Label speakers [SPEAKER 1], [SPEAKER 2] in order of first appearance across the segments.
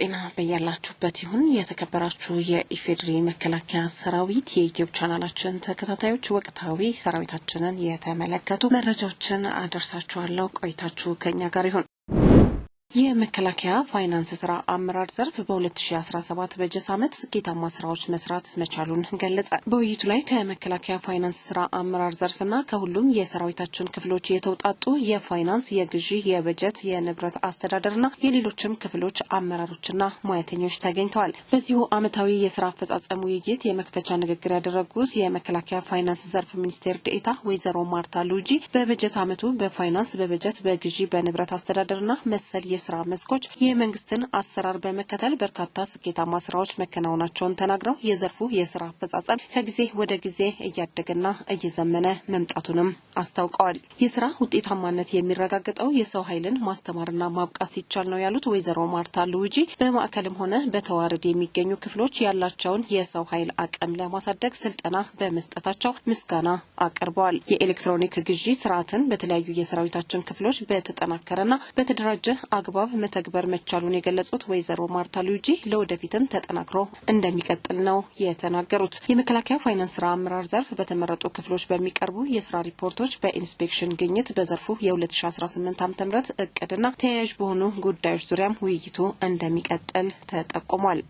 [SPEAKER 1] ጤና በያላችሁበት ይሁን። የተከበራችሁ የኢፌዴሪ መከላከያ ሰራዊት የዩትዩብ ቻናላችን ተከታታዮች ወቅታዊ ሰራዊታችንን የተመለከቱ መረጃዎችን አደርሳችኋለሁ። ቆይታችሁ ከኛ ጋር ይሁን። የመከላከያ ፋይናንስ ስራ አመራር ዘርፍ በ2017 በጀት ዓመት ስኬታማ ስራዎች መስራት መቻሉን ገለጸ። በውይይቱ ላይ ከመከላከያ ፋይናንስ ስራ አመራር ዘርፍና ከሁሉም የሰራዊታችን ክፍሎች የተውጣጡ የፋይናንስ፣ የግዢ፣ የበጀት፣ የንብረት አስተዳደርና የሌሎችም ክፍሎች አመራሮችና ሙያተኞች ተገኝተዋል። በዚሁ ዓመታዊ የስራ አፈጻጸም ውይይት የመክፈቻ ንግግር ያደረጉት የመከላከያ ፋይናንስ ዘርፍ ሚኒስቴር ዴኤታ ወይዘሮ ማርታ ሉጂ በበጀት ዓመቱ በፋይናንስ፣ በበጀት፣ በግዢ፣ በንብረት አስተዳደርና መሰል የስራ መስኮች የመንግስትን አሰራር በመከተል በርካታ ስኬታማ ስራዎች መከናወናቸውን ተናግረው የዘርፉ የስራ አፈጻጸም ከጊዜ ወደ ጊዜ እያደገና እየዘመነ መምጣቱንም አስታውቀዋል። የስራ ውጤታማነት የሚረጋገጠው የሰው ኃይልን ማስተማርና ማብቃት ሲቻል ነው ያሉት ወይዘሮ ማርታ ልውጂ በማዕከልም ሆነ በተዋረድ የሚገኙ ክፍሎች ያላቸውን የሰው ኃይል አቅም ለማሳደግ ስልጠና በመስጠታቸው ምስጋና አቅርበዋል። የኤሌክትሮኒክ ግዢ ስርዓትን በተለያዩ የሰራዊታችን ክፍሎች በተጠናከረና በተደራጀ አግ አግባብ መተግበር መቻሉን የገለጹት ወይዘሮ ማርታ ሉጂ ለወደፊትም ተጠናክሮ እንደሚቀጥል ነው የተናገሩት። የመከላከያ ፋይናንስ ስራ አመራር ዘርፍ በተመረጡ ክፍሎች በሚቀርቡ የስራ ሪፖርቶች በኢንስፔክሽን ግኝት በዘርፉ የ2018 ዓ.ም እቅድና ተያያዥ በሆኑ ጉዳዮች ዙሪያም ውይይቱ እንደሚቀጥል ተጠቁሟል።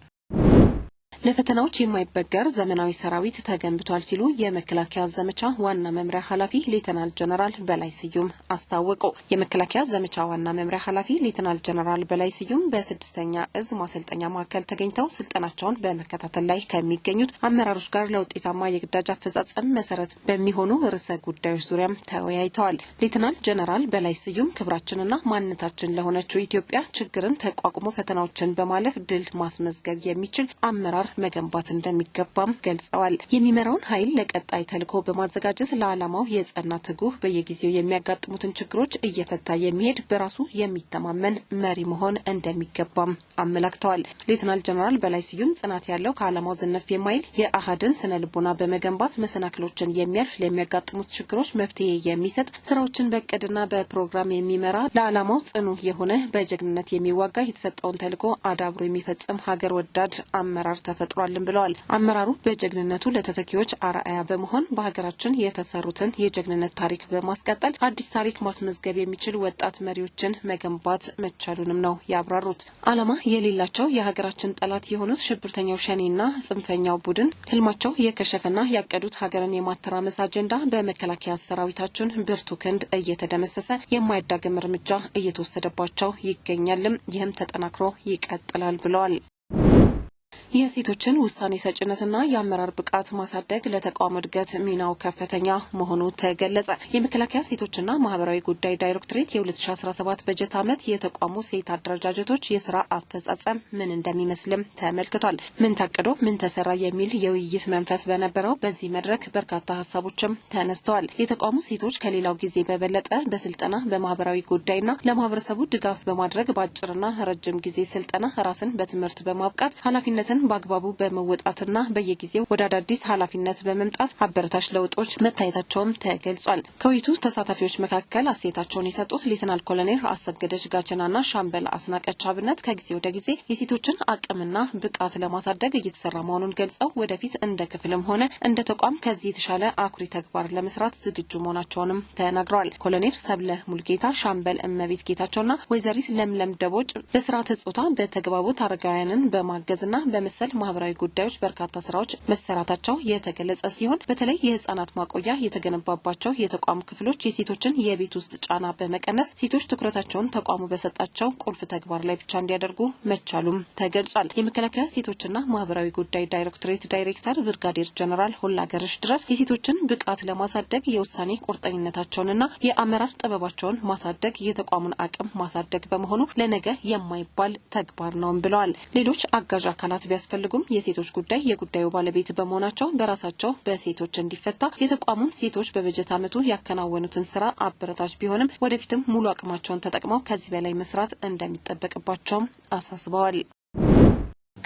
[SPEAKER 1] ለፈተናዎች የማይበገር ዘመናዊ ሰራዊት ተገንብቷል ሲሉ የመከላከያ ዘመቻ ዋና መምሪያ ኃላፊ ሌተናል ጀነራል በላይ ስዩም አስታወቁ። የመከላከያ ዘመቻ ዋና መምሪያ ኃላፊ ሌተናል ጀነራል በላይ ስዩም በስድስተኛ እዝ ማሰልጠኛ ማዕከል ተገኝተው ስልጠናቸውን በመከታተል ላይ ከሚገኙት አመራሮች ጋር ለውጤታማ የግዳጅ አፈጻጸም መሰረት በሚሆኑ ርዕሰ ጉዳዮች ዙሪያም ተወያይተዋል። ሌተናል ጀነራል በላይ ስዩም ክብራችንና ማንነታችን ለሆነችው ኢትዮጵያ ችግርን ተቋቁሞ ፈተናዎችን በማለፍ ድል ማስመዝገብ የሚችል አመራር መገንባት እንደሚገባም ገልጸዋል። የሚመራውን ኃይል ለቀጣይ ተልዕኮ በማዘጋጀት ለዓላማው የጸና ትጉህ፣ በየጊዜው የሚያጋጥሙትን ችግሮች እየፈታ የሚሄድ በራሱ የሚተማመን መሪ መሆን እንደሚገባም አመላክተዋል። ሌትናል ጀነራል በላይ ስዩም ጽናት ያለው ከዓላማው ዝነፍ የማይል የአሃድን ስነ ልቦና በመገንባት መሰናክሎችን የሚያልፍ ለሚያጋጥሙት ችግሮች መፍትሄ የሚሰጥ ስራዎችን በእቅድና በፕሮግራም የሚመራ ለዓላማው ጽኑ የሆነ በጀግንነት የሚዋጋ የተሰጠውን ተልዕኮ አዳብሮ የሚፈጽም ሀገር ወዳድ አመራር ተፈ ተፈጥሯልን ብለዋል። አመራሩ በጀግንነቱ ለተተኪዎች አርአያ በመሆን በሀገራችን የተሰሩትን የጀግንነት ታሪክ በማስቀጠል አዲስ ታሪክ ማስመዝገብ የሚችል ወጣት መሪዎችን መገንባት መቻሉንም ነው ያብራሩት። አላማ የሌላቸው የሀገራችን ጠላት የሆኑት ሽብርተኛው ሸኔና ጽንፈኛው ቡድን ህልማቸው የከሸፈና ያቀዱት ሀገርን የማተራመስ አጀንዳ በመከላከያ ሰራዊታችን ብርቱ ክንድ እየተደመሰሰ የማይዳግም እርምጃ እየተወሰደባቸው ይገኛልም። ይህም ተጠናክሮ ይቀጥላል ብለዋል። የሴቶችን ውሳኔ ሰጭነትና የአመራር ብቃት ማሳደግ ለተቋሙ እድገት ሚናው ከፍተኛ መሆኑ ተገለጸ። የመከላከያ ሴቶችና ማህበራዊ ጉዳይ ዳይሬክቶሬት የ2017 በጀት ዓመት የተቋሙ ሴት አደረጃጀቶች የስራ አፈጻጸም ምን እንደሚመስልም ተመልክቷል። ምን ታቅዶ ምን ተሰራ የሚል የውይይት መንፈስ በነበረው በዚህ መድረክ በርካታ ሀሳቦችም ተነስተዋል። የተቋሙ ሴቶች ከሌላው ጊዜ በበለጠ በስልጠና በማህበራዊ ጉዳይና ለማህበረሰቡ ድጋፍ በማድረግ በአጭርና ረጅም ጊዜ ስልጠና ራስን በትምህርት በማብቃት ኃላፊነትን ስራውን በአግባቡ በመወጣትና በየጊዜው ወደ አዳዲስ ኃላፊነት በመምጣት አበረታች ለውጦች መታየታቸውም ተገልጿል። ከውይይቱ ተሳታፊዎች መካከል አስተያየታቸውን የሰጡት ሌተናል ኮሎኔል አሰገደች ጋጀናና ሻምበል አስናቀች አብነት ከጊዜ ወደ ጊዜ የሴቶችን አቅምና ብቃት ለማሳደግ እየተሰራ መሆኑን ገልጸው ወደፊት እንደ ክፍልም ሆነ እንደ ተቋም ከዚህ የተሻለ አኩሪ ተግባር ለመስራት ዝግጁ መሆናቸውንም ተናግረዋል። ኮሎኔል ሰብለ ሙልጌታ፣ ሻምበል እመቤት ጌታቸውና ወይዘሪት ለምለም ደቦጭ በስርዓተ ጾታ በተግባቦት አረጋውያንን በማገዝና በመ መሰል ማህበራዊ ጉዳዮች በርካታ ስራዎች መሰራታቸው የተገለጸ ሲሆን በተለይ የህጻናት ማቆያ የተገነባባቸው የተቋሙ ክፍሎች የሴቶችን የቤት ውስጥ ጫና በመቀነስ ሴቶች ትኩረታቸውን ተቋሙ በሰጣቸው ቁልፍ ተግባር ላይ ብቻ እንዲያደርጉ መቻሉም ተገልጿል። የመከላከያ ሴቶችና ማህበራዊ ጉዳይ ዳይሬክቶሬት ዳይሬክተር ብርጋዴር ጀነራል ሁላገርሽ ድረስ የሴቶችን ብቃት ለማሳደግ የውሳኔ ቁርጠኝነታቸውንና የአመራር ጥበባቸውን ማሳደግ የተቋሙን አቅም ማሳደግ በመሆኑ ለነገ የማይባል ተግባር ነውም ብለዋል። ሌሎች አጋዥ አካላት ቢያ ቢያስፈልጉም የሴቶች ጉዳይ የጉዳዩ ባለቤት በመሆናቸው በራሳቸው በሴቶች እንዲፈታ የተቋሙ ሴቶች በበጀት ዓመቱ ያከናወኑትን ስራ አበረታች ቢሆንም ወደፊትም ሙሉ አቅማቸውን ተጠቅመው ከዚህ በላይ መስራት እንደሚጠበቅባቸውም አሳስበዋል።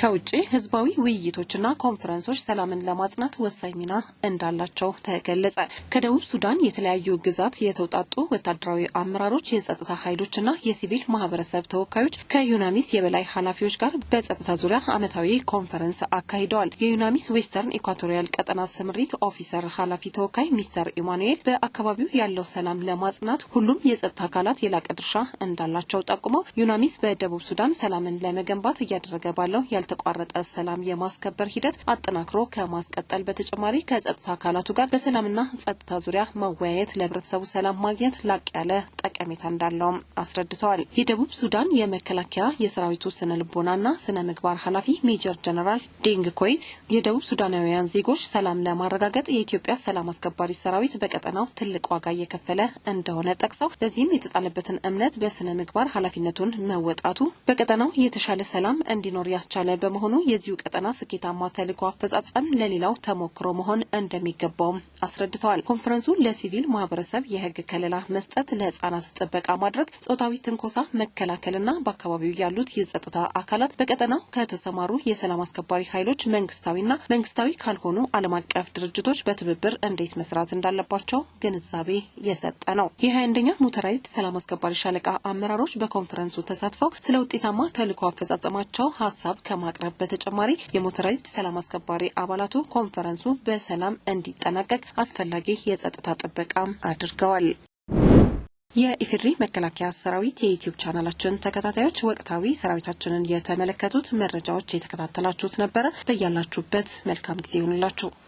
[SPEAKER 1] ከውጭ ህዝባዊ ውይይቶችና ኮንፈረንሶች ሰላምን ለማጽናት ወሳኝ ሚና እንዳላቸው ተገለጸ። ከደቡብ ሱዳን የተለያዩ ግዛት የተውጣጡ ወታደራዊ አመራሮች፣ የጸጥታ ኃይሎችና የሲቪል ማህበረሰብ ተወካዮች ከዩናሚስ የበላይ ኃላፊዎች ጋር በጸጥታ ዙሪያ ዓመታዊ ኮንፈረንስ አካሂደዋል። የዩናሚስ ዌስተርን ኢኳቶሪያል ቀጠና ስምሪት ኦፊሰር ኃላፊ ተወካይ ሚስተር ኢማኑኤል በአካባቢው ያለው ሰላም ለማጽናት ሁሉም የጸጥታ አካላት የላቀ ድርሻ እንዳላቸው ጠቁመው ዩናሚስ በደቡብ ሱዳን ሰላምን ለመገንባት እያደረገ ባለው ያልተቋረጠ ሰላም የማስከበር ሂደት አጠናክሮ ከማስቀጠል በተጨማሪ ከጸጥታ አካላቱ ጋር በሰላምና ጸጥታ ዙሪያ መወያየት ለህብረተሰቡ ሰላም ማግኘት ላቅ ያለ ጠቀሜታ እንዳለውም አስረድተዋል። የደቡብ ሱዳን የመከላከያ የሰራዊቱ ስነ ልቦናና ስነ ምግባር ኃላፊ ሜጀር ጀነራል ዴንግ ኮይት የደቡብ ሱዳናውያን ዜጎች ሰላም ለማረጋገጥ የኢትዮጵያ ሰላም አስከባሪ ሰራዊት በቀጠናው ትልቅ ዋጋ እየከፈለ እንደሆነ ጠቅሰው ለዚህም የተጣለበትን እምነት በስነ ምግባር ኃላፊነቱን መወጣቱ በቀጠናው የተሻለ ሰላም እንዲኖር ያስቻለ ላይ በመሆኑ የዚሁ ቀጠና ስኬታማ ተልኮ አፈጻጸም ለሌላው ተሞክሮ መሆን እንደሚገባውም አስረድተዋል። ኮንፈረንሱ ለሲቪል ማህበረሰብ የህግ ከለላ መስጠት፣ ለህጻናት ጥበቃ ማድረግ፣ ጾታዊ ትንኮሳ መከላከልና በአካባቢው ያሉት የጸጥታ አካላት በቀጠናው ከተሰማሩ የሰላም አስከባሪ ኃይሎች መንግስታዊና መንግስታዊ ካልሆኑ ዓለም አቀፍ ድርጅቶች በትብብር እንዴት መስራት እንዳለባቸው ግንዛቤ የሰጠ ነው። አንደኛ ሞተራይዝድ ሰላም አስከባሪ ሻለቃ አመራሮች በኮንፈረንሱ ተሳትፈው ስለ ውጤታማ ተልኮ አፈጻጸማቸው ሀሳብ ከማ ከማቅረብ በተጨማሪ የሞተራይዝድ ሰላም አስከባሪ አባላቱ ኮንፈረንሱ በሰላም እንዲጠናቀቅ አስፈላጊ የጸጥታ ጥበቃም አድርገዋል። የኢፌድሪ መከላከያ ሰራዊት የዩትዩብ ቻናላችን ተከታታዮች ወቅታዊ ሰራዊታችንን የተመለከቱት መረጃዎች የተከታተላችሁት ነበረ። በያላችሁበት መልካም ጊዜ ይሆንላችሁ።